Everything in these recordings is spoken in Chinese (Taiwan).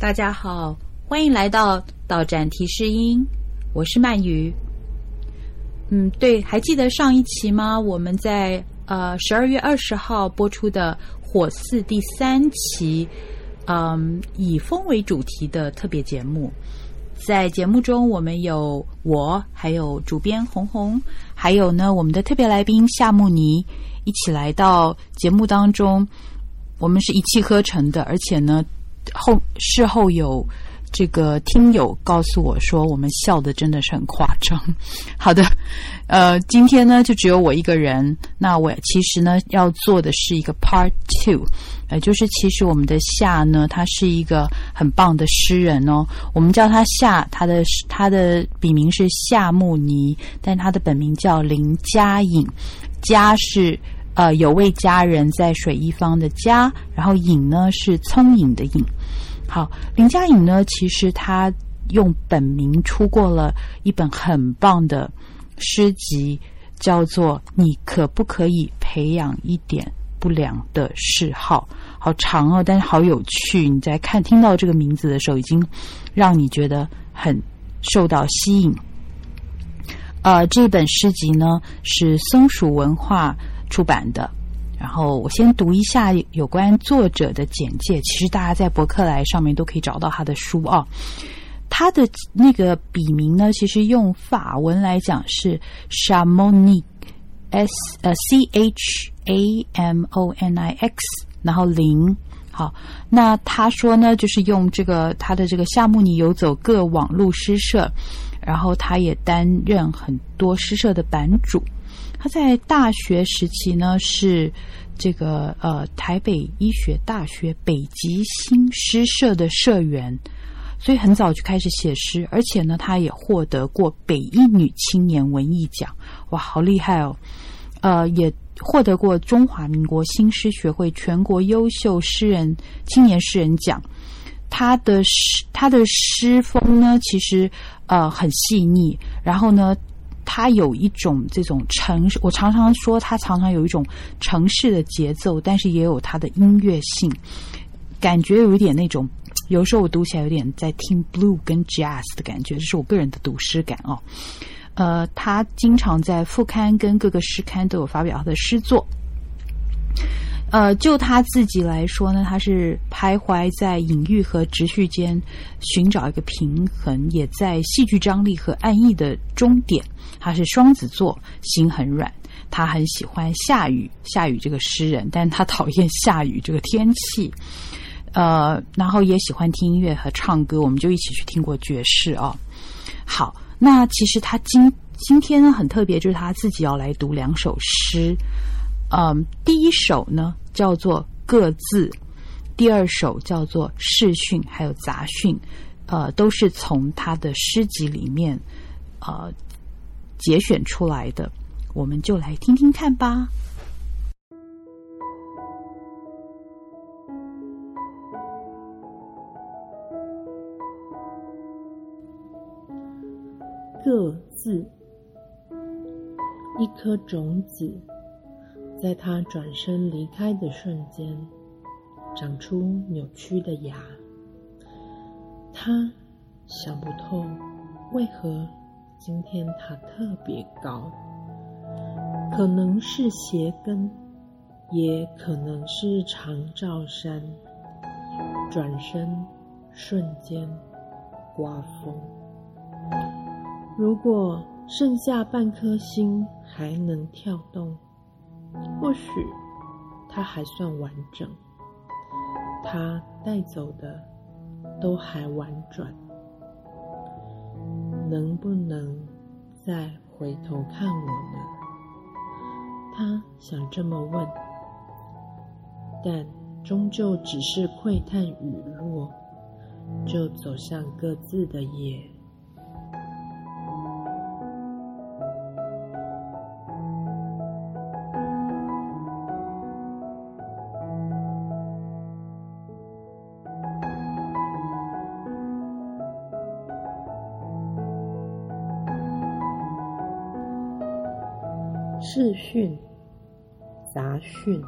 大家好，歡迎來到到展提示音，我是鰻魚。嗯，對，還記得上一期嗎？我們在呃十二月二十號播出的火四第三期，嗯、呃，以風為主題的特別節目。在節目中，我們有我，還有主編紅紅，還有呢我們的特別來賓夏慕尼，一起來到節目當中。我們是一氣呵成的，而且呢。後事後有這個聽友告訴我說，我們笑得真的是很誇張。好的，呃，今天呢就只有我一個人。那我其實呢要做的是一個 part two，呃，就是其實我們的夏呢，他是一個很棒的詩人哦。我們叫他夏，他的他的筆名是夏慕尼，但他的本名叫林佳穎，家是。呃，有位佳人在水一方的佳，然後穎呢是聰穎的穎。好，林佳穎呢，其實她用本名出過了一本很棒的詩集，叫做《你可不可以培養一點不良的嗜好》。好長哦，但是好有趣。你在看聽到這個名字的時候，已經讓你覺得很受到吸引。呃，這本詩集呢是松鼠文化。出版的，然後我先讀一下有關作者的簡介。其實大家在博客來上面都可以找到他的書啊。他的那個筆名呢，其實用法文來講是 Chamonix，s 呃 C, ix, S, C H A M O N I X，然後零。好，那他說呢，就是用這個他的這個夏慕尼遊走各網路詩社，然後他也擔任很多詩社的版主。他在大學時期呢，是這個呃台北醫學大學北極星詩社的社員，所以很早就開始寫詩，而且呢，他也獲得過北一女青年文藝獎，哇，好厲害哦！呃，也獲得過中華民國新詩學會全國優秀詩人青年詩人獎。他的詩，他的詩風呢，其實呃很細膩，然後呢。他有一種這種城市，我常常說他常常有一種城市的節奏，但是也有他的音樂性，感覺有一點那種，有時候我讀起來有點在聽 Blue 跟 Jazz 的感覺，這是我個人的讀詩感哦。呃，他經常在副刊跟各個詩刊都有發表他的詩作。呃，就他自己來說呢，他是徘徊在隱喻和直敘間尋找一個平衡，也在戲劇張力和暗意的終點。他是雙子座，心很軟，他很喜歡下雨，下雨這個詩人，但他討厭下雨這個天氣。呃，然後也喜歡聽音樂和唱歌，我們就一起去聽過爵士哦。好，那其實他今今天呢很特別，就是他自己要來讀兩首詩。嗯，um, 第一首呢叫做《各自》，第二首叫做《試訓》，還有《雜訓》，呃，都是從他的詩集裡面呃節選出來的，我們就來聽聽看吧。各自，一顆種子。在他轉身離開的瞬間，長出扭曲的牙。他想不透，為何今天他特別高，可能是鞋跟，也可能是長罩衫。轉身瞬間，颳風。如果剩下半顆心還能跳動。或許他還算完整，他帶走的都還婉轉，能不能再回頭看我呢？他想這麼問，但終究只是窺探雨落，就走向各自的夜。視訊，雜訊，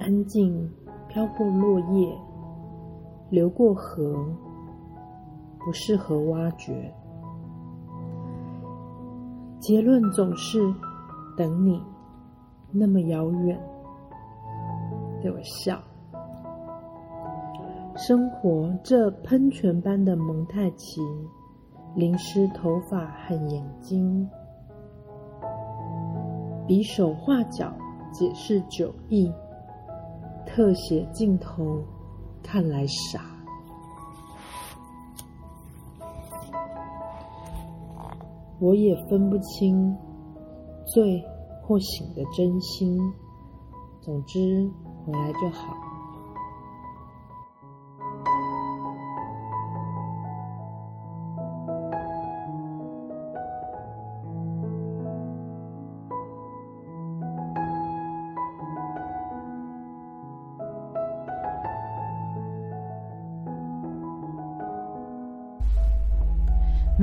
安靜飄過落葉，流過河，不適合挖掘。結論總是等你，那麼遙遠，對我笑。生活這噴泉般的蒙太奇，淋濕頭髮和眼睛。比手畫腳解釋酒意，特寫鏡頭看來傻，我也分不清醉或醒的真心。總之回來就好。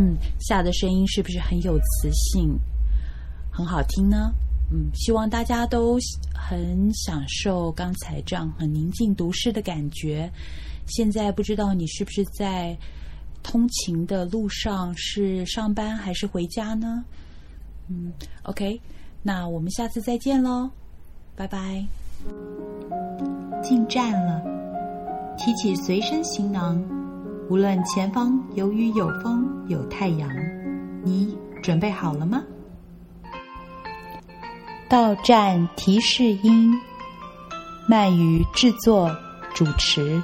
嗯，夏的聲音是不是很有磁性，很好聽呢？嗯，希望大家都很享受剛才這樣很寧靜讀詩的感覺。現在不知道你是不是在通勤的路上，是上班還是回家呢？嗯，OK，那我們下次再見嘍，拜拜。進站了，提起隨身行囊。無論前方有雨有風有太陽，你準備好了嗎？到站提示音，漫語制作，主持。